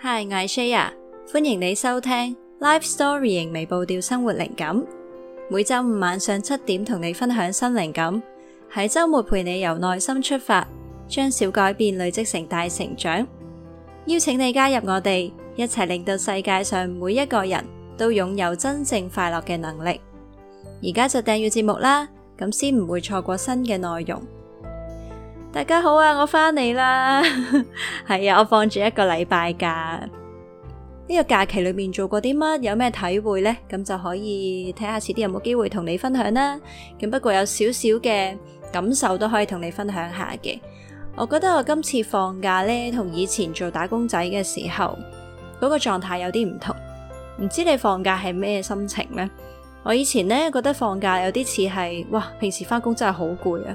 Hi，I'm Shaya，歡迎你收聽《Life Storying》，仍未步調生活靈感，每周五晚上七點同你分享新靈感，喺周末陪你由內心出發，將小改變累積成大成長。邀請你加入我哋，一齊令到世界上每一個人都擁有真正快樂嘅能力。而家就訂閱節目啦，咁先唔會錯過新嘅內容。大家好啊，我翻嚟啦，係 啊，我放住一個禮拜假。呢個假期裏面做過啲乜，有咩體會呢？咁就可以睇下，遲啲有冇機會同你分享啦。咁不過有少少嘅感受都可以同你分享下嘅。我覺得我今次放假呢，同以前做打工仔嘅時候嗰個狀態有啲唔同。唔知你放假係咩心情呢？我以前呢，覺得放假有啲似係，哇！平時翻工真係好攰啊。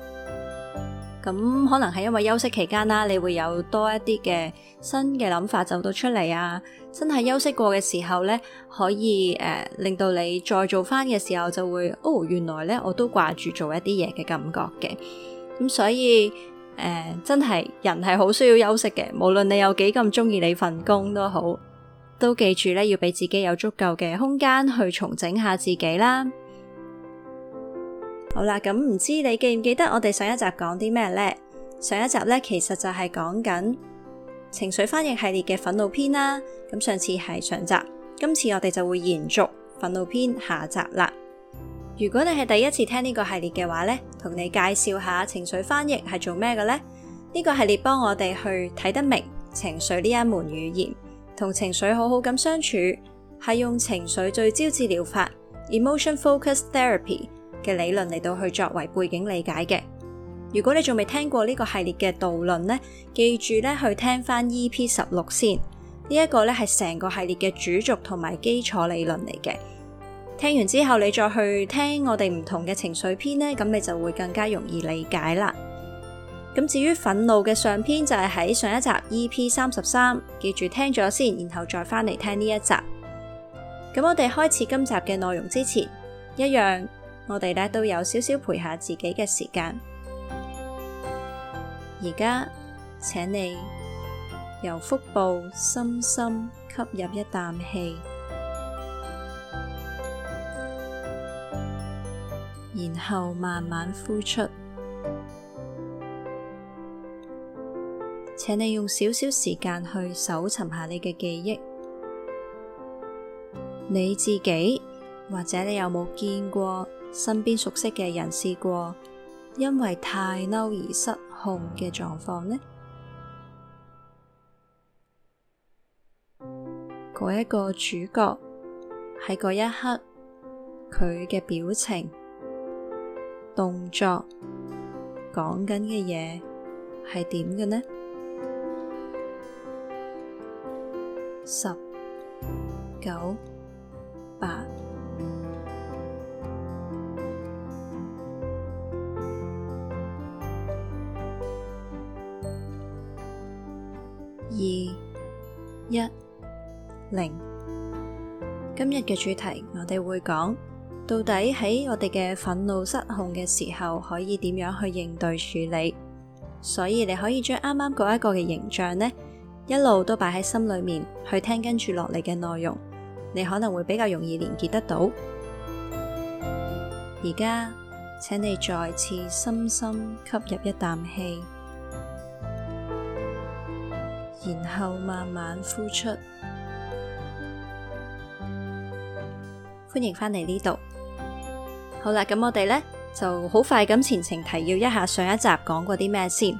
咁可能係因為休息期間啦，你會有多一啲嘅新嘅諗法走到出嚟啊。真係休息過嘅時候咧，可以誒、呃、令到你再做返嘅時候就會哦，原來咧我都掛住做一啲嘢嘅感覺嘅。咁所以誒、呃、真係人係好需要休息嘅，無論你有幾咁中意你份工都好，都記住咧要俾自己有足夠嘅空間去重整下自己啦。好啦，咁、嗯、唔知你記唔記得我哋上一集講啲咩呢？上一集咧，其實就係講緊情緒翻譯系列嘅憤怒篇啦。咁上次係上集，今次我哋就會延續憤怒篇下集啦。如果你係第一次聽呢個系列嘅話咧，同你介紹下情緒翻譯係做咩嘅呢？呢、呢個系列幫我哋去睇得明情緒呢一門語言，同情緒好好咁相處，係用情緒聚焦治療法 （emotion focus therapy）。嘅理論嚟到去作為背景理解嘅。如果你仲未聽過呢個系列嘅導論呢，記住咧去聽翻 E.P. 十六先。呢一個咧係成個系列嘅主軸同埋基礎理論嚟嘅。聽完之後，你再去聽我哋唔同嘅情緒篇呢，咁你就會更加容易理解啦。咁至於憤怒嘅上篇就係喺上一集 E.P. 三十三，記住聽咗先，然後再翻嚟聽呢一集。咁我哋開始今集嘅內容之前，一樣。我哋咧都有少少陪下自己嘅時間。而家，請你由腹部深深吸入一啖氣，然後慢慢呼出。請你用少少時間去搜尋下你嘅記憶，你自己或者你有冇見過？身邊熟悉嘅人試過因為太嬲而失控嘅狀況呢？嗰一個主角喺嗰一刻，佢嘅表情、動作、講緊嘅嘢係點嘅呢？十、九、八。二一零，1 2, 1，今日嘅主題我哋會講，到底喺我哋嘅憤怒失控嘅時候，可以點樣去應對處理？所以你可以將啱啱嗰一個嘅形象呢，一路都擺喺心裏面去聽，跟住落嚟嘅內容，你可能會比較容易連結得到。而家請你再次深深吸入一啖氣。然後慢慢呼出，歡迎返嚟呢度。好啦，咁我哋呢就好快咁前情提要一下上一集講過啲咩先。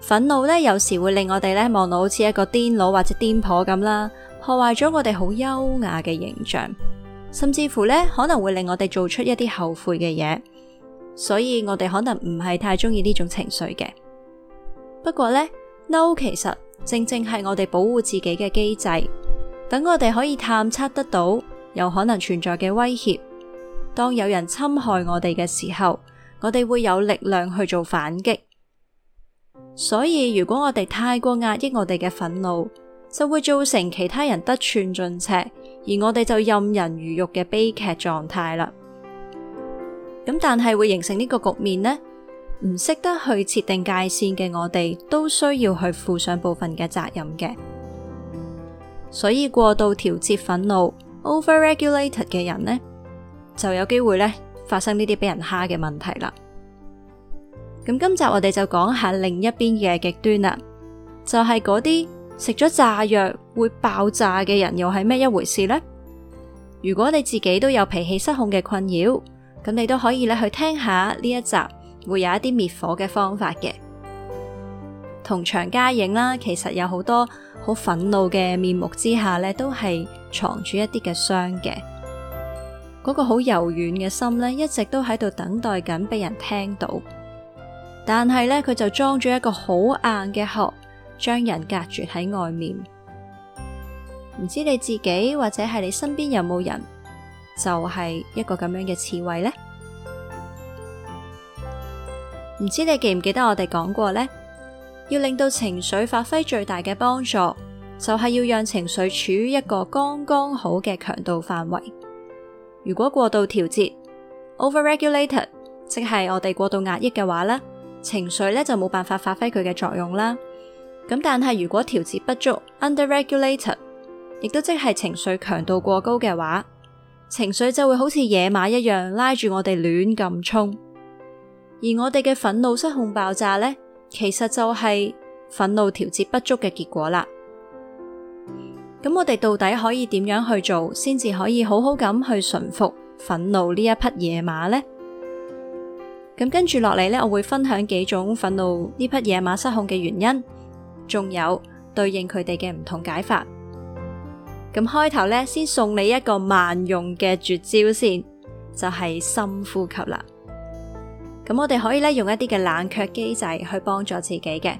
憤怒呢，有時會令我哋呢望到好似一個癲佬或者癲婆咁啦，破壞咗我哋好優雅嘅形象，甚至乎呢可能會令我哋做出一啲後悔嘅嘢，所以我哋可能唔係太中意呢種情緒嘅。不過呢，嬲、no, 其實。正正係我哋保護自己嘅機制，等我哋可以探測得到有可能存在嘅威脅。當有人侵害我哋嘅時候，我哋會有力量去做反擊。所以如果我哋太過壓抑我哋嘅憤怒，就會造成其他人得寸進尺，而我哋就任人魚肉嘅悲劇狀態啦。咁但係會形成呢個局面呢？唔識得去設定界線嘅我哋，都需要去負上部分嘅責任嘅。所以過度調節憤怒 over regulated 嘅人呢，就有機會呢發生呢啲俾人蝦嘅問題啦。咁今集我哋就講下另一邊嘅極端啦，就係嗰啲食咗炸藥會爆炸嘅人，又係咩一回事呢？如果你自己都有脾氣失控嘅困擾，咁你都可以咧去聽下呢一集。會有一啲滅火嘅方法嘅，同場加映啦，其實有好多好憤怒嘅面目之下呢，都係藏住一啲嘅傷嘅。嗰、那個好柔軟嘅心呢，一直都喺度等待緊俾人聽到，但係呢，佢就裝住一個好硬嘅殼，將人隔住喺外面。唔知你自己或者係你身邊有冇人，就係、是、一個咁樣嘅刺蝟呢？唔知你記唔記得我哋講過呢？要令到情緒發揮最大嘅幫助，就係要讓情緒處於一個剛剛好嘅強度範圍。如果過度調節 （over regulated），即係我哋過度壓抑嘅話咧，情緒咧就冇辦法發揮佢嘅作用啦。咁但係如果調節不足 （under regulated），亦都即係情緒強度過高嘅話，情緒就會好似野馬一樣拉住我哋亂咁衝。而我哋嘅憤怒失控爆炸咧，其實就係憤怒調節不足嘅結果啦。咁我哋到底可以點樣去做，先至可以好好咁去馴服憤怒呢一匹野馬呢？咁跟住落嚟咧，我會分享幾種憤怒呢匹野馬失控嘅原因，仲有對應佢哋嘅唔同解法。咁開頭咧，先送你一個萬用嘅絕招先，就係深呼吸啦。咁我哋可以咧，用一啲嘅冷卻機制去幫助自己嘅。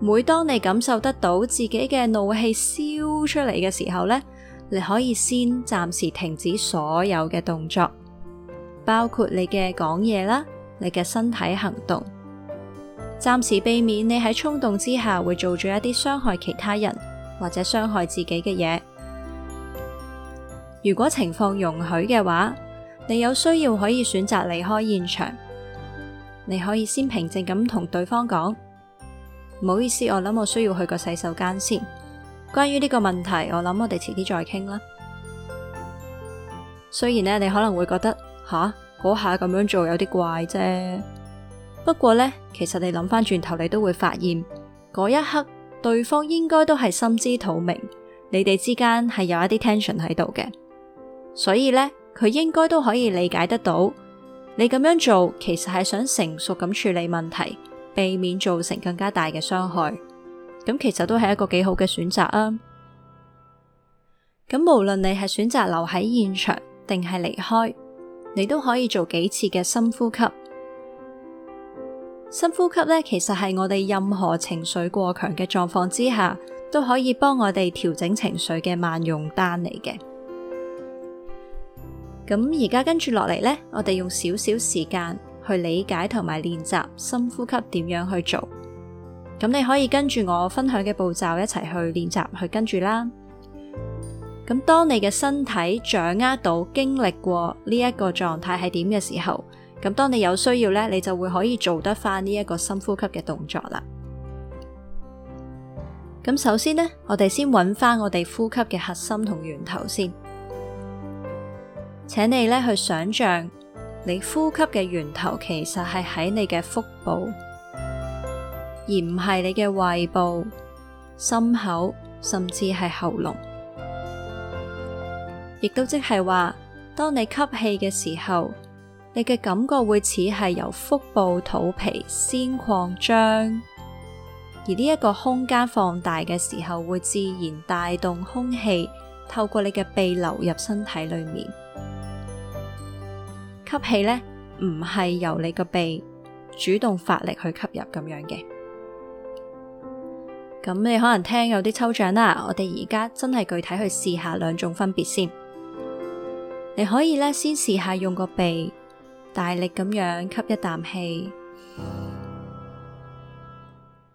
每當你感受得到自己嘅怒氣燒出嚟嘅時候咧，你可以先暫時停止所有嘅動作，包括你嘅講嘢啦，你嘅身體行動，暫時避免你喺衝動之下會做咗一啲傷害其他人或者傷害自己嘅嘢。如果情況容許嘅話，你有需要可以選擇離開現場。你可以先平靜咁同對方講，唔好意思，我諗我需要去個洗手間先。關於呢個問題，我諗我哋遲啲再傾啦。雖然呢，你可能會覺得吓嗰下咁樣做有啲怪啫，不過呢，其實你諗翻轉頭，你都會發現嗰一刻對方應該都係心知肚明，你哋之間係有一啲 tension 喺度嘅，所以呢，佢應該都可以理解得到。你咁樣做，其實係想成熟咁處理問題，避免造成更加大嘅傷害。咁其實都係一個幾好嘅選擇啊！咁無論你係選擇留喺現場定係離開，你都可以做幾次嘅深呼吸。深呼吸咧，其實係我哋任何情緒過強嘅狀況之下，都可以幫我哋調整情緒嘅萬用單嚟嘅。咁而家跟住落嚟呢，我哋用少少時間去理解同埋練習深呼吸點樣去做。咁你可以跟住我分享嘅步驟一齊去練習，去跟住啦。咁當你嘅身體掌握到經歷過呢一個狀態係點嘅時候，咁當你有需要呢，你就會可以做得翻呢一個深呼吸嘅動作啦。咁首先呢，我哋先揾翻我哋呼吸嘅核心同源頭先。請你咧去想象，你呼吸嘅源頭其實係喺你嘅腹部，而唔係你嘅胃部、心口，甚至係喉嚨。亦都即係話，當你吸氣嘅時候，你嘅感覺會似係由腹部、肚皮先擴張，而呢一個空間放大嘅時候，會自然帶動空氣透過你嘅鼻流入身體裏面。吸氣呢，唔係由你個鼻主動發力去吸入咁樣嘅。咁你可能聽有啲抽象啦，我哋而家真係具體去試下兩種分別先。你可以呢，先試下用個鼻大力咁樣吸一啖氣，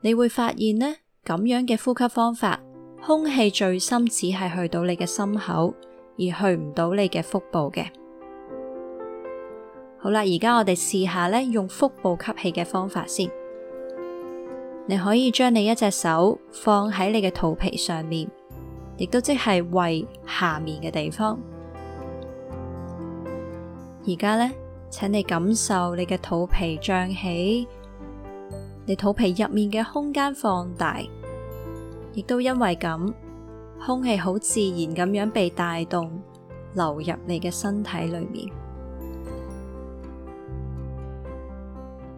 你會發現呢，咁樣嘅呼吸方法，空氣最深只係去到你嘅心口，而去唔到你嘅腹部嘅。好啦，而家我哋試下咧，用腹部吸氣嘅方法先。你可以將你一隻手放喺你嘅肚皮上面，亦都即係胃下面嘅地方。而家咧，請你感受你嘅肚皮脹起，你肚皮入面嘅空間放大，亦都因為咁，空氣好自然咁樣被帶動流入你嘅身體裏面。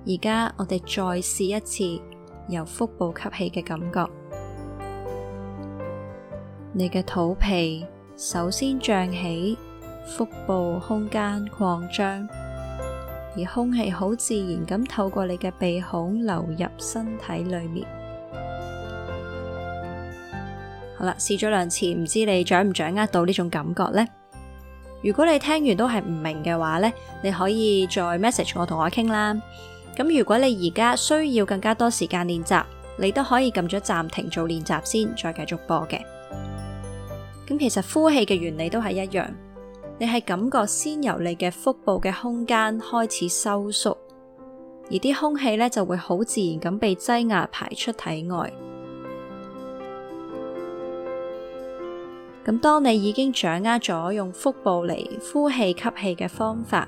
而家我哋再試一次由腹部吸氣嘅感覺，你嘅肚皮首先脹起，腹部空間擴張，而空氣好自然咁透過你嘅鼻孔流入身體裏面。好啦，試咗兩次，唔知你掌唔掌握到呢種感覺呢？如果你聽完都係唔明嘅話呢，你可以再 message 我，同我傾啦。咁如果你而家需要更加多時間練習，你都可以撳咗暫停做練習先，再繼續播嘅。咁其實呼氣嘅原理都係一樣，你係感覺先由你嘅腹部嘅空間開始收縮，而啲空氣呢就會好自然咁被擠壓排出體外。咁當你已經掌握咗用腹部嚟呼氣吸氣嘅方法，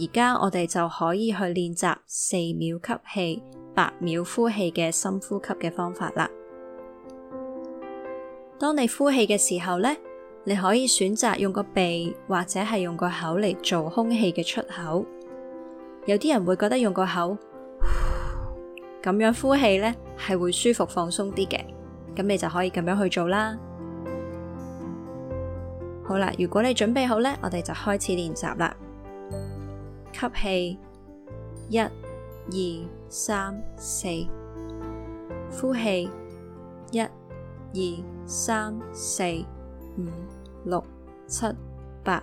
而家我哋就可以去練習四秒吸氣、八秒呼氣嘅深呼吸嘅方法啦。當你呼氣嘅時候呢，你可以選擇用個鼻或者係用個口嚟做空氣嘅出口。有啲人會覺得用個口咁樣呼氣呢係會舒服放鬆啲嘅，咁你就可以咁樣去做啦。好啦，如果你準備好呢，我哋就開始練習啦。吸氣，一、二、三、四。呼氣，一、二、三、四、五、六、七、八。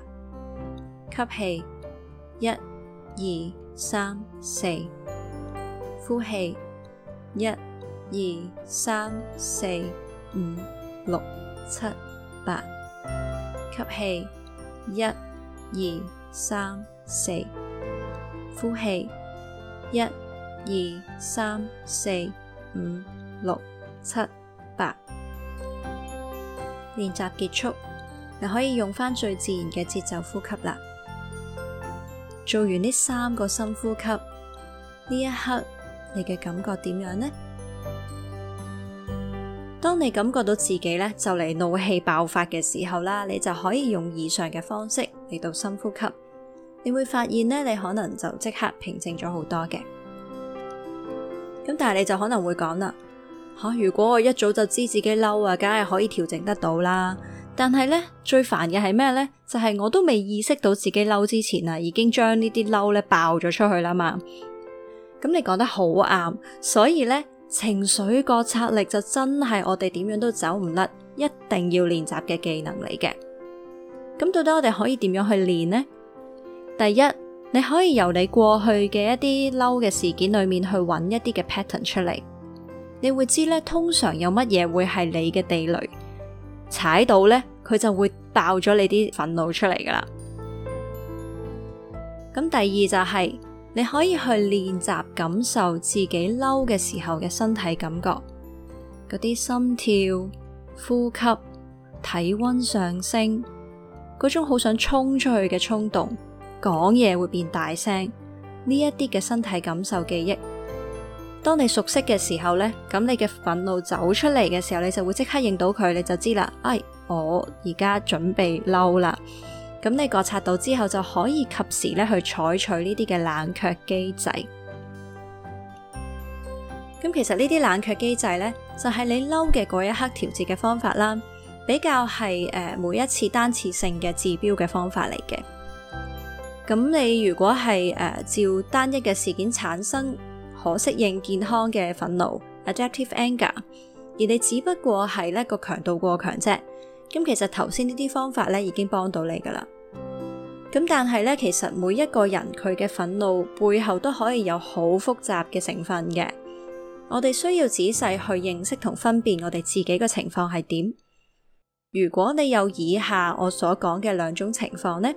吸氣，一、二、三、四。呼氣，一、二、三、四、五、六、七、八。吸氣，一、二、三、四。呼氣，一、二、三、四、五、六、七、八。練習結束，你可以用翻最自然嘅節奏呼吸啦。做完呢三個深呼吸，呢一刻你嘅感覺點樣呢？當你感覺到自己呢就嚟怒氣爆發嘅時候啦，你就可以用以上嘅方式嚟到深呼吸。你會發現咧，你可能就即刻平靜咗好多嘅。咁但係你就可能會講啦，吓、啊、如果我一早就知自己嬲啊，梗係可以調整得到啦。但係咧最煩嘅係咩咧？就係、是、我都未意識到自己嬲之前啊，已經將呢啲嬲咧爆咗出去啦嘛。咁、嗯、你講得好啱，所以咧情緒覺察力就真係我哋點樣都走唔甩，一定要練習嘅技能嚟嘅。咁、嗯、到底我哋可以點樣去練呢？第一，你可以由你過去嘅一啲嬲嘅事件裏面去揾一啲嘅 pattern 出嚟，你會知咧，通常有乜嘢會係你嘅地雷踩到咧，佢就會爆咗你啲憤怒出嚟噶啦。咁第二就係，你可以去練習感受自己嬲嘅時候嘅身體感覺，嗰啲心跳、呼吸、體溫上升，嗰種好想衝出去嘅衝動。講嘢會變大聲，呢一啲嘅身體感受記憶，當你熟悉嘅時候呢，咁你嘅憤怒走出嚟嘅時候，你就會即刻認到佢，你就知啦。哎，我而家準備嬲啦，咁你覺察到之後就可以及時咧去採取呢啲嘅冷卻機制。咁其實呢啲冷卻機制呢，就係、是、你嬲嘅嗰一刻調節嘅方法啦，比較係誒、呃、每一次單次性嘅治標嘅方法嚟嘅。咁你如果係誒、呃，照單一嘅事件產生可適應健康嘅憤怒 （adaptive anger），而你只不過係咧個強度過強啫。咁其實頭先呢啲方法咧已經幫到你噶啦。咁但係咧，其實每一個人佢嘅憤怒背後都可以有好複雜嘅成分嘅。我哋需要仔細去認識同分辨我哋自己嘅情況係點。如果你有以下我所講嘅兩種情況咧，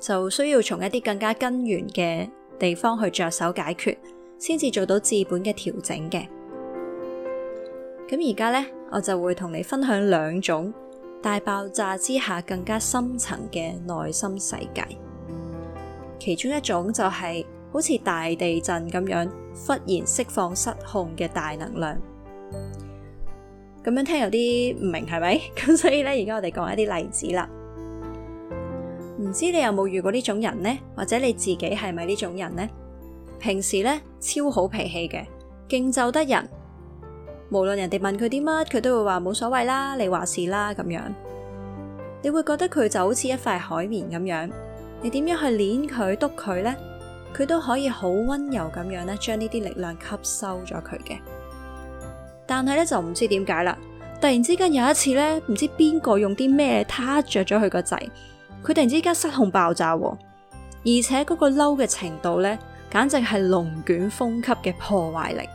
就需要從一啲更加根源嘅地方去着手解決，先至做到治本嘅調整嘅。咁而家呢，我就會同你分享兩種大爆炸之下更加深層嘅內心世界。其中一種就係好似大地震咁樣，忽然釋放失控嘅大能量。咁樣聽有啲唔明係咪？咁所以呢，而家我哋講一啲例子啦。唔知你有冇遇過呢種人呢？或者你自己係咪呢種人呢？平時咧超好脾氣嘅，勁就得人，無論人哋問佢啲乜，佢都會話冇所謂啦，你話事啦咁樣。你會覺得佢就好似一塊海綿咁樣，你點樣去捏佢、督佢呢？佢都可以好溫柔咁樣咧，將呢啲力量吸收咗佢嘅。但係咧就唔知點解啦，突然之間有一次咧，唔知邊個用啲咩撻着咗佢個掣。佢突然之間失控爆炸，而且嗰個嬲嘅程度呢，簡直係龍捲風級嘅破壞力。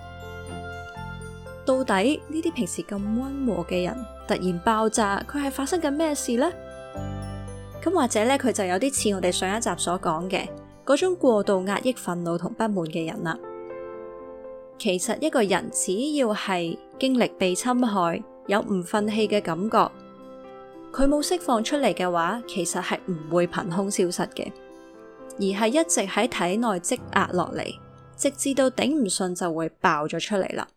到底呢啲平時咁溫和嘅人突然爆炸，佢係發生緊咩事呢？咁或者呢，佢就有啲似我哋上一集所講嘅嗰種過度壓抑憤怒同不滿嘅人啦。其實一個人只要係經歷被侵害，有唔忿氣嘅感覺。佢冇釋放出嚟嘅話，其實係唔會憑空消失嘅，而係一直喺體內積壓落嚟，直至到頂唔順就會爆咗出嚟啦。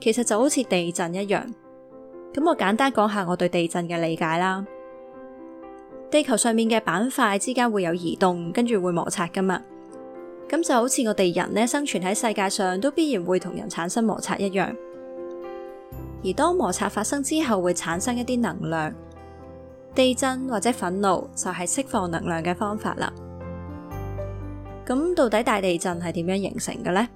其實就好似地震一樣，咁我簡單講下我對地震嘅理解啦。地球上面嘅板塊之間會有移動，跟住會摩擦噶嘛，咁就好似我哋人呢，生存喺世界上都必然會同人產生摩擦一樣。而當摩擦發生之後，會產生一啲能量。地震或者憤怒就係釋放能量嘅方法啦。咁到底大地震係點樣形成嘅呢？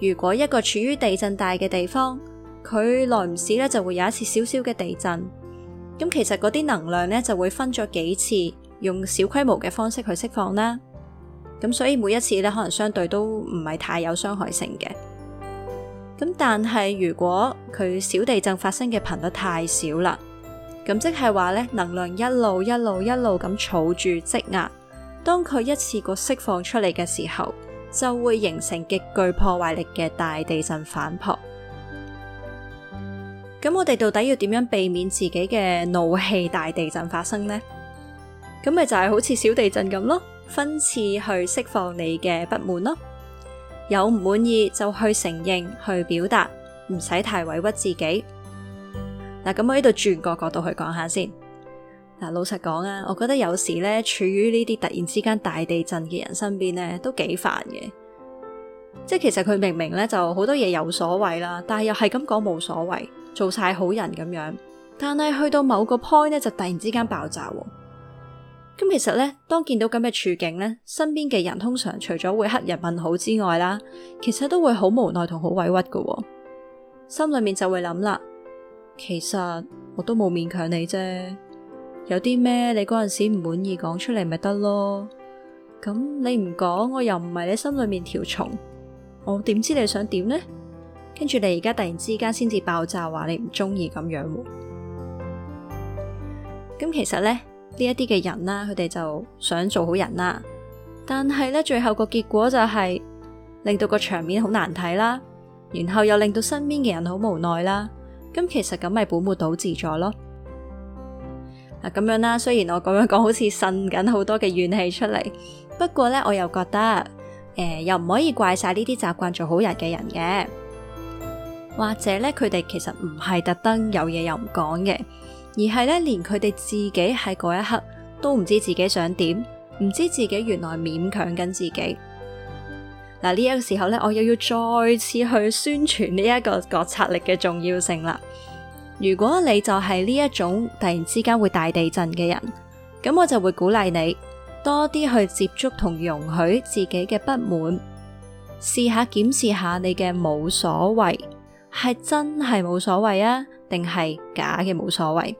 如果一個處於地震帶嘅地方，佢耐唔時咧就會有一次少少嘅地震。咁其實嗰啲能量咧就會分咗幾次用小規模嘅方式去釋放啦。咁所以每一次咧可能相對都唔係太有傷害性嘅。咁但係如果佢小地震發生嘅頻率太少啦，咁即係話咧，能量一路一路一路咁儲住積壓，當佢一次過釋放出嚟嘅時候，就會形成極具破壞力嘅大地震反撲。咁我哋到底要點樣避免自己嘅怒氣大地震發生呢？咁咪就係好似小地震咁咯，分次去釋放你嘅不滿咯。有唔滿意就去承認，去表達，唔使太委屈自己。嗱，咁我呢度轉個角度去講下先。嗱，老實講啊，我覺得有時咧，處於呢啲突然之間大地震嘅人身邊咧，都幾煩嘅。即係其實佢明明咧就好多嘢有所謂啦，但係又係咁講冇所謂，做晒好人咁樣，但係去到某個 point 咧，就突然之間爆炸喎。咁其實咧，當見到咁嘅處境咧，身邊嘅人通常除咗會黑人問號之外啦，其實都會好無奈同好委屈噶，心裏面就會諗啦。其實我都冇勉強你啫，有啲咩你嗰陣時唔滿意講出嚟咪得咯。咁你唔講，我又唔係你心裏面條蟲，我點知你想點呢？跟住你而家突然之間先至爆炸，話你唔中意咁樣。咁其實咧。呢一啲嘅人啦，佢哋就想做好人啦，但係咧，最後個結果就係、是、令到個場面好難睇啦，然後又令到身邊嘅人好無奈啦，咁其實咁咪本末倒置咗咯。嗱、啊、咁樣啦，雖然我咁樣講好似呻緊好多嘅怨氣出嚟，不過咧，我又覺得，誒、呃、又唔可以怪晒呢啲習慣做好人嘅人嘅，或者咧，佢哋其實唔係特登有嘢又唔講嘅。而係咧，連佢哋自己喺嗰一刻都唔知自己想點，唔知自己原來勉強緊自己。嗱，呢一個時候咧，我又要再次去宣傳呢一個覺察力嘅重要性啦。如果你就係呢一種突然之間會大地震嘅人，咁我就會鼓勵你多啲去接觸同容許自己嘅不滿，試下檢視下你嘅冇所謂。係真係冇所謂啊，定係假嘅冇所謂？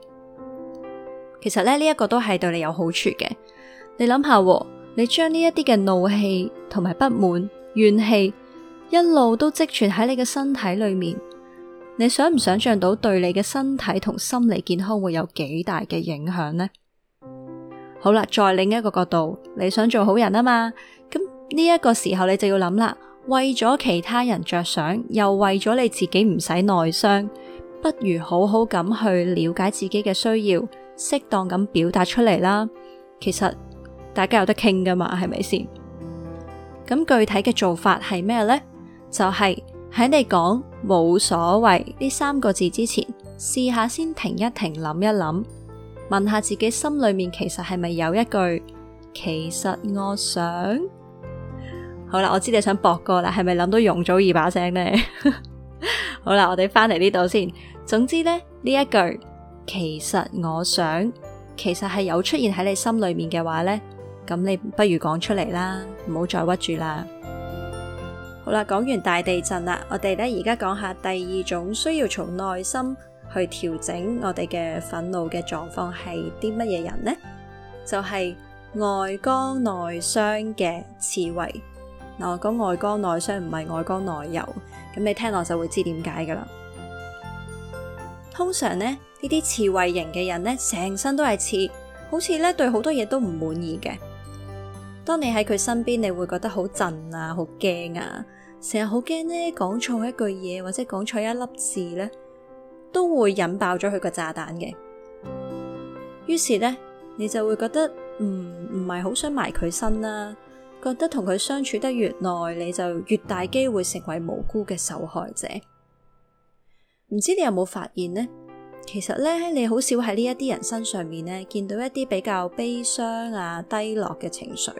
其實咧，呢一個都係對你有好處嘅。你諗下啊，你將呢一啲嘅怒氣同埋不滿、怨氣一路都積存喺你嘅身體裏面，你想唔想象到對你嘅身體同心理健康會有幾大嘅影響呢？好啦，再另一個角度，你想做好人啊嘛，咁呢一個時候你就要諗啦。為咗其他人着想，又為咗你自己唔使內傷，不如好好咁去了解自己嘅需要，適當咁表達出嚟啦。其實大家有得傾噶嘛，係咪先？咁具體嘅做法係咩呢？就係喺你講冇所謂呢三個字之前，試下先停一停，諗一諗，問下自己心裏面其實係咪有一句：其實我想。好啦，我知你想博過啦，係咪諗到容祖兒把聲呢？ 好啦，我哋翻嚟呢度先。總之咧，呢一句，其實我想，其實係有出現喺你心裏面嘅話咧，咁你不如講出嚟啦，唔好再屈住啦。好啦，講完大地震啦，我哋咧而家講下第二種需要從內心去調整我哋嘅憤怒嘅狀況係啲乜嘢人呢？就係、是、外剛內傷嘅刺蝟。嗱，講外剛內傷唔係外剛內柔，咁你聽落就會知點解噶啦。通常咧呢啲刺猬型嘅人呢，成身都係刺，好似咧對好多嘢都唔滿意嘅。當你喺佢身邊，你會覺得好震啊，好驚啊，成日好驚呢講錯一句嘢或者講錯一粒字呢，都會引爆咗佢個炸彈嘅。於是呢，你就會覺得唔唔係好想埋佢身啦，啊。覺得同佢相處得越耐，你就越大機會成為無辜嘅受害者。唔知你有冇發現呢？其實咧，你好少喺呢一啲人身上面咧，見到一啲比較悲傷啊、低落嘅情緒。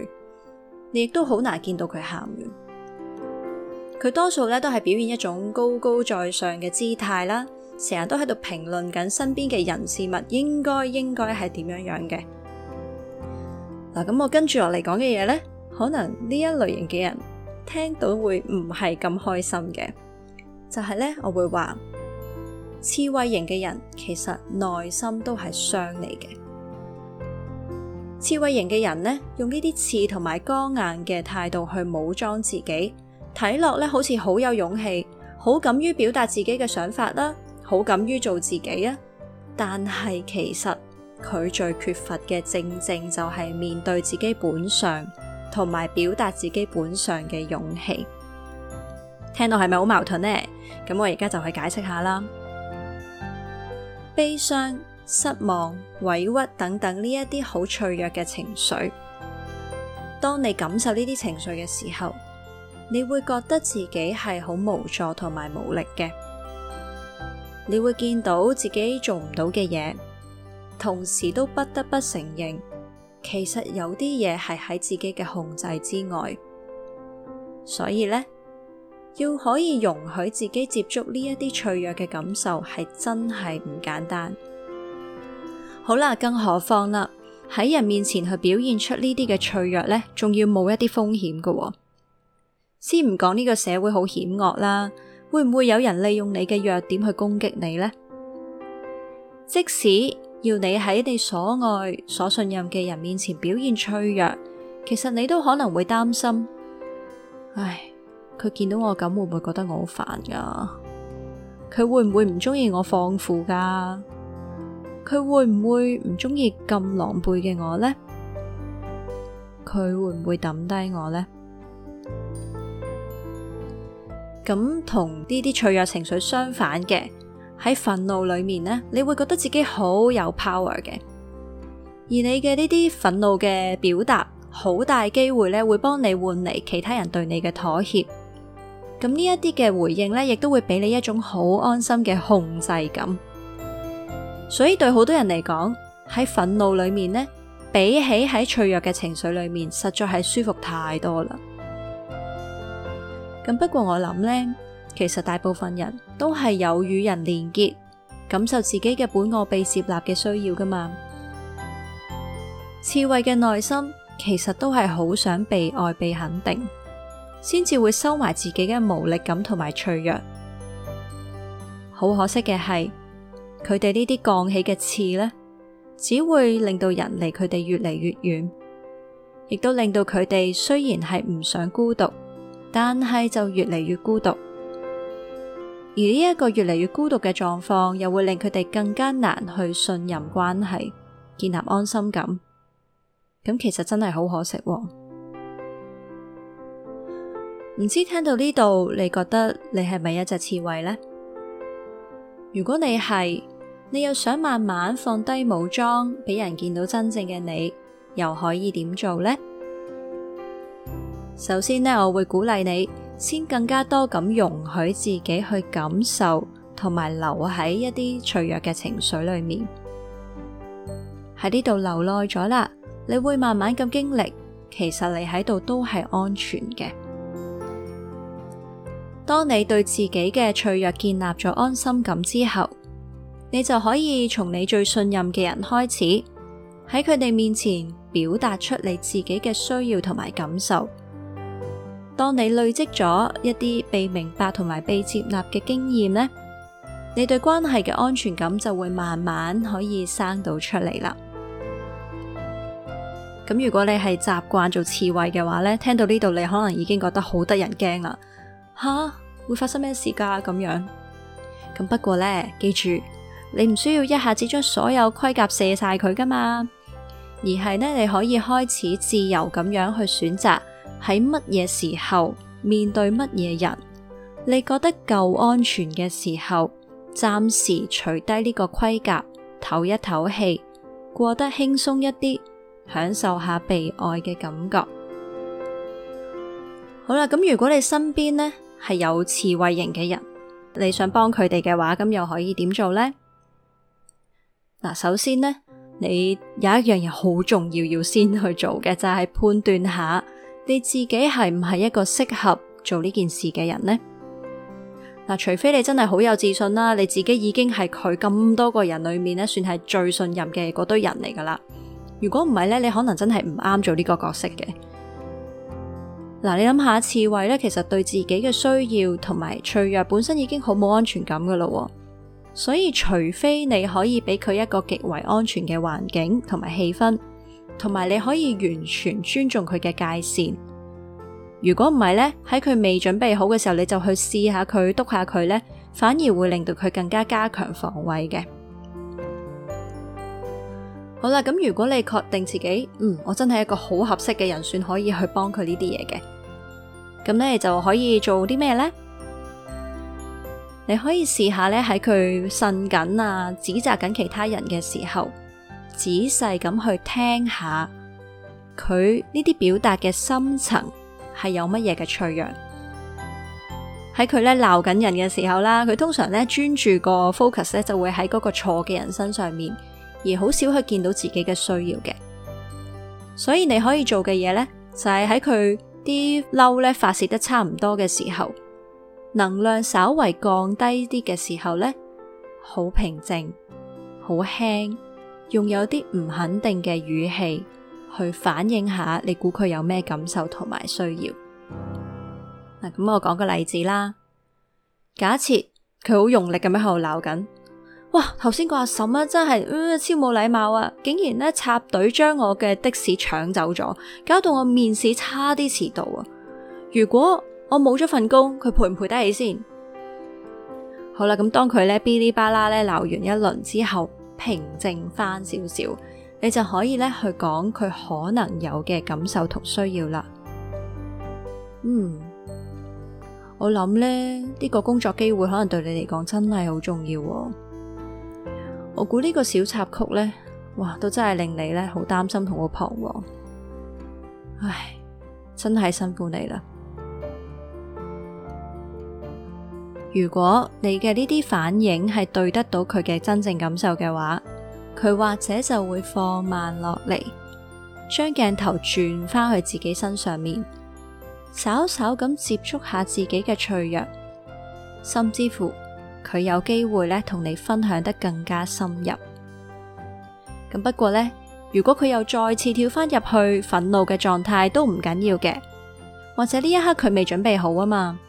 你亦都好難見到佢喊完。佢多數咧都係表現一種高高在上嘅姿態啦，成日都喺度評論緊身邊嘅人事物應該應該係點樣樣嘅。嗱，咁我跟住落嚟講嘅嘢咧。可能呢一類型嘅人聽到會唔係咁開心嘅，就係呢。我會話刺蝟型嘅人其實內心都係傷嚟嘅。刺蝟型嘅人呢，用呢啲刺同埋剛硬嘅態度去武裝自己，睇落呢好似好有勇氣，好敢於表達自己嘅想法啦，好敢於做自己啊。但係其實佢最缺乏嘅正正就係面對自己本相。同埋表達自己本上嘅勇氣，聽到係咪好矛盾呢？咁我而家就去解釋下啦。悲傷、失望、委屈等等呢一啲好脆弱嘅情緒，當你感受呢啲情緒嘅時候，你會覺得自己係好無助同埋無力嘅，你會見到自己做唔到嘅嘢，同時都不得不承認。其實有啲嘢係喺自己嘅控制之外，所以呢，要可以容許自己接觸呢一啲脆弱嘅感受，係真係唔簡單。好啦，更何況啦，喺人面前去表現出呢啲嘅脆弱呢，仲要冒一啲風險噶。先唔講呢個社會好險惡啦，會唔會有人利用你嘅弱點去攻擊你呢？即使要你喺你所愛、所信任嘅人面前表現脆弱，其實你都可能會擔心。唉，佢見到我咁會唔會覺得我好煩㗎？佢會唔會唔中意我放肆㗎？佢會唔會唔中意咁狼狽嘅我呢？佢會唔會抌低我呢？咁同呢啲脆弱情緒相反嘅。喺憤怒裏面呢，你會覺得自己好有 power 嘅，而你嘅呢啲憤怒嘅表達，好大機會咧會幫你換嚟其他人對你嘅妥協。咁呢一啲嘅回應咧，亦都會俾你一種好安心嘅控制感。所以對好多人嚟講，喺憤怒裏面呢，比起喺脆弱嘅情緒裏面，實在係舒服太多啦。咁不過我諗呢。其實大部分人都係有與人連結，感受自己嘅本我被接納嘅需要噶嘛。刺猬嘅內心其實都係好想被愛、被肯定，先至會收埋自己嘅無力感同埋脆弱。好可惜嘅係，佢哋呢啲降起嘅刺呢，只會令到人離佢哋越嚟越遠，亦都令到佢哋雖然係唔想孤獨，但係就越嚟越孤獨。而呢一個越嚟越孤獨嘅狀況，又會令佢哋更加難去信任關係，建立安心感。咁其實真係好可惜啊。唔知聽到呢度，你覺得你係咪一隻刺猬呢？如果你係，你又想慢慢放低武裝，俾人見到真正嘅你，又可以點做呢？首先呢，我會鼓勵你。先更加多咁容許自己去感受，同埋留喺一啲脆弱嘅情緒裏面。喺呢度留耐咗啦，你會慢慢咁經歷，其實你喺度都係安全嘅。當你對自己嘅脆弱建立咗安心感之後，你就可以從你最信任嘅人開始，喺佢哋面前表達出你自己嘅需要同埋感受。當你累積咗一啲被明白同埋被接納嘅經驗呢，你對關係嘅安全感就會慢慢可以生到出嚟啦。咁如果你係習慣做刺蝟嘅話呢，聽到呢度你可能已經覺得好得人驚啦，吓？會發生咩事噶咁樣？咁不過呢，記住你唔需要一下子將所有盔甲卸晒佢噶嘛，而係呢，你可以開始自由咁樣去選擇。喺乜嘢時候面對乜嘢人，你覺得夠安全嘅時候，暫時除低呢個盔甲，唞一唞氣，過得輕鬆一啲，享受下被愛嘅感覺。 好啦，咁如果你身邊呢係有刺猬型嘅人，你想幫佢哋嘅話，咁又可以點做呢？嗱，首先呢，你有一樣嘢好重要要先去做嘅就係判斷下。你自己係唔係一個適合做呢件事嘅人呢？嗱，除非你真係好有自信啦，你自己已經係佢咁多個人裏面咧，算係最信任嘅嗰堆人嚟噶啦。如果唔係咧，你可能真係唔啱做呢個角色嘅。嗱，你諗下刺蝟咧，其實對自己嘅需要同埋脆弱，本身已經好冇安全感噶啦。所以，除非你可以俾佢一個極為安全嘅環境同埋氣氛。同埋你可以完全尊重佢嘅界線。如果唔係咧，喺佢未準備好嘅時候，你就去試下佢督下佢咧，反而會令到佢更加加強防衛嘅。好啦，咁如果你確定自己，嗯，我真係一個好合適嘅人選，算可以去幫佢呢啲嘢嘅，咁咧就可以做啲咩咧？你可以試下咧，喺佢呻緊啊、指責緊其他人嘅時候。仔細咁去聽下佢呢啲表達嘅深層係有乜嘢嘅脆弱。喺佢咧鬧緊人嘅時候啦，佢通常咧專注個 focus 咧就會喺嗰個錯嘅人身上面，而好少去見到自己嘅需要嘅。所以你可以做嘅嘢咧，就係喺佢啲嬲咧發洩得差唔多嘅時候，能量稍微降低啲嘅時候咧，好平靜，好輕。用有啲唔肯定嘅語氣去反映下，你估佢有咩感受同埋需要？嗱，咁我講個例子啦。假設佢好用力咁喺度鬧緊，哇！頭先個阿嬸啊，真係、嗯、超冇禮貌啊，竟然呢插隊將我嘅的，的士搶走咗，搞到我面試差啲遲到啊！如果我冇咗份工，佢賠唔賠得起先？好啦，咁當佢咧嗶哩吧啦咧鬧完一輪之後。平靜翻少少，你就可以咧去講佢可能有嘅感受同需要啦。嗯，我諗咧，呢個工作機會可能對你嚟講真係好重要喎。我估呢個小插曲咧，哇，都真係令你咧好擔心同我彷徨。唉，真係辛苦你啦。如果你嘅呢啲反應係對得到佢嘅真正感受嘅話，佢或者就會放慢落嚟，將鏡頭轉翻去自己身上面，稍稍咁接觸下自己嘅脆弱，甚至乎佢有機會咧同你分享得更加深入。咁不過呢，如果佢又再次跳返入去憤怒嘅狀態，都唔緊要嘅，或者呢一刻佢未準備好啊嘛。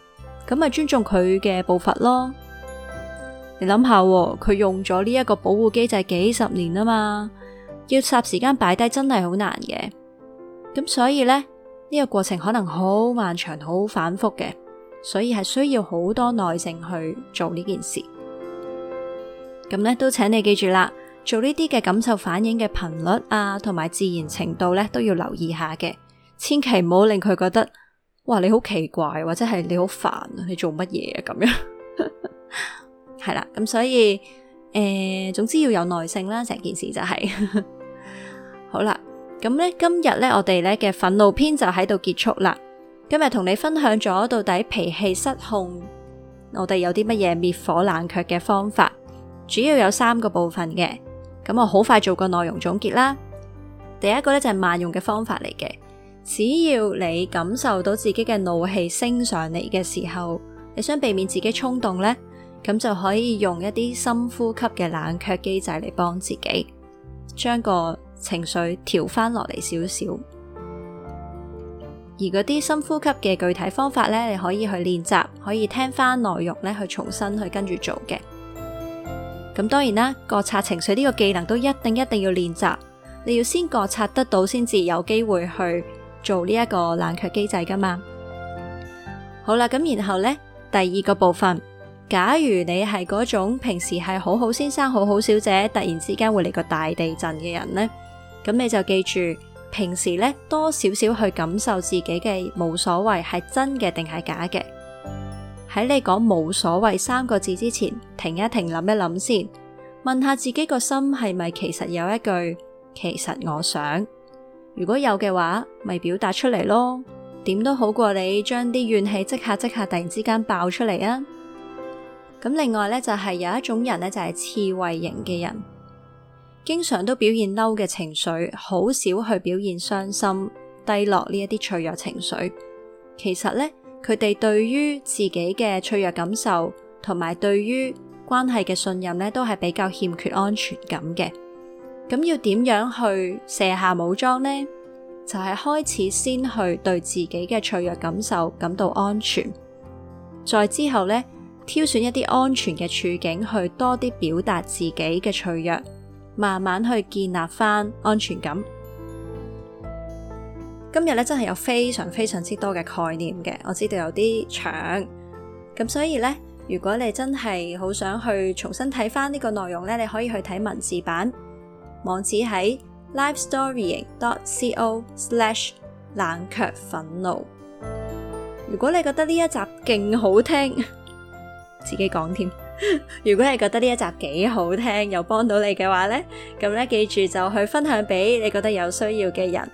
咁咪尊重佢嘅步伐咯。你諗下，佢用咗呢一個保護機制幾十年啊嘛，要霎時間擺低真係好難嘅。咁所以咧，呢個過程可能好漫長、好反覆嘅，所以係需要好多耐性去做呢件事。咁咧都請你記住啦，做呢啲嘅感受、反應嘅頻率啊，同埋自然程度咧，都要留意下嘅，千祈唔好令佢覺得。哇，你好奇怪，或者係你好煩，你做乜嘢啊？咁樣係啦，咁所以誒，總之要有耐性啦。成件事就係好啦，咁咧今日咧我哋咧嘅憤怒篇就喺度結束啦。今日同你分享咗到底脾氣失控，我哋有啲乜嘢滅火冷卻嘅方法？主要有三個部分嘅，咁我好快做個內容總結啦。第一個咧就係萬用嘅方法嚟嘅。只要你感受到自己嘅怒氣升上嚟嘅時候，你想避免自己衝動呢，咁就可以用一啲深呼吸嘅冷卻機制嚟幫自己，將個情緒調翻落嚟少少。而嗰啲深呼吸嘅具體方法呢，你可以去練習，可以聽翻內容呢，去重新去跟住做嘅。咁當然啦，覺察情緒呢個技能都一定一定要練習，你要先覺察得到，先至有機會去。做呢一個冷卻機制噶嘛，好啦，咁然後呢，第二個部分，假如你係嗰種平時係好好先生、好好小姐，突然之間會嚟個大地震嘅人呢，咁你就記住，平時呢，多少少去感受自己嘅冇所謂係真嘅定係假嘅。喺你講冇所謂三個字之前，停一停諗一諗先，問下自己個心係咪其實有一句，其實我想。如果有嘅話，咪表達出嚟咯，點都好過你將啲怨氣即刻即刻突然之間爆出嚟啊！咁另外咧就係有一種人咧就係刺蝟型嘅人，經常都表現嬲嘅情緒，好少去表現傷心、低落呢一啲脆弱情緒。其實咧，佢哋對於自己嘅脆弱感受同埋對於關係嘅信任咧，都係比較欠缺安全感嘅。咁要點樣去卸下武裝呢？就係開始先去對自己嘅脆弱感受感到安全，再之後咧挑選一啲安全嘅處境去多啲表達自己嘅脆弱，慢慢去建立翻安全感。今日咧真係有非常非常之多嘅概念嘅，我知道有啲長咁，所以咧如果你真係好想去重新睇翻呢個內容咧，你可以去睇文字版。網址喺 lifestorying.co slash 冷卻憤怒。如果你覺得呢一集勁好聽， 自己講說添。 如果你覺得呢一集幾好聽，又幫到你嘅話咧，咁咧記住就去分享俾你覺得有需要嘅人。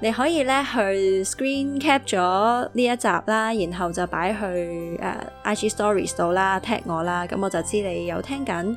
你可以咧去 screen cap 咗呢一集啦，然後就擺去誒、uh, IG stories 度啦，tag 我啦，咁我就知你有聽緊。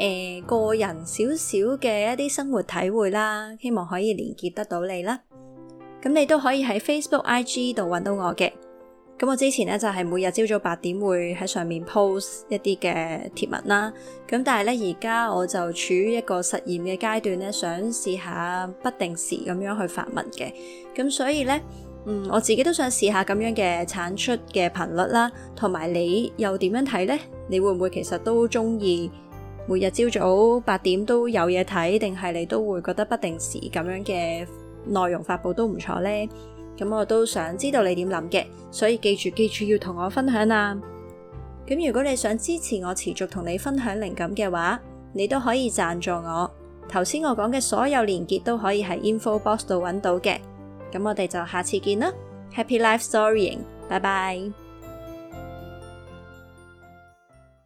誒、呃，個人少少嘅一啲生活體會啦，希望可以連結得到你啦。咁你都可以喺 Facebook、IG 度搵到我嘅。咁我之前咧就係、是、每日朝早八點會喺上面 post 一啲嘅貼文啦。咁但係咧而家我就處於一個實驗嘅階段咧，想試下不定時咁樣去發文嘅。咁所以咧，嗯，我自己都想試下咁樣嘅產出嘅頻率啦，同埋你又點樣睇咧？你會唔會其實都中意？每日朝早八點都有嘢睇，定係你都會覺得不定時咁樣嘅內容發佈都唔錯呢？咁我都想知道你點諗嘅，所以記住記住要同我分享啊！咁如果你想支持我持續同你分享靈感嘅話，你都可以贊助我。頭先我講嘅所有連結都可以喺 InfoBox 度搵到嘅。咁我哋就下次見啦，Happy Life Storying，拜拜。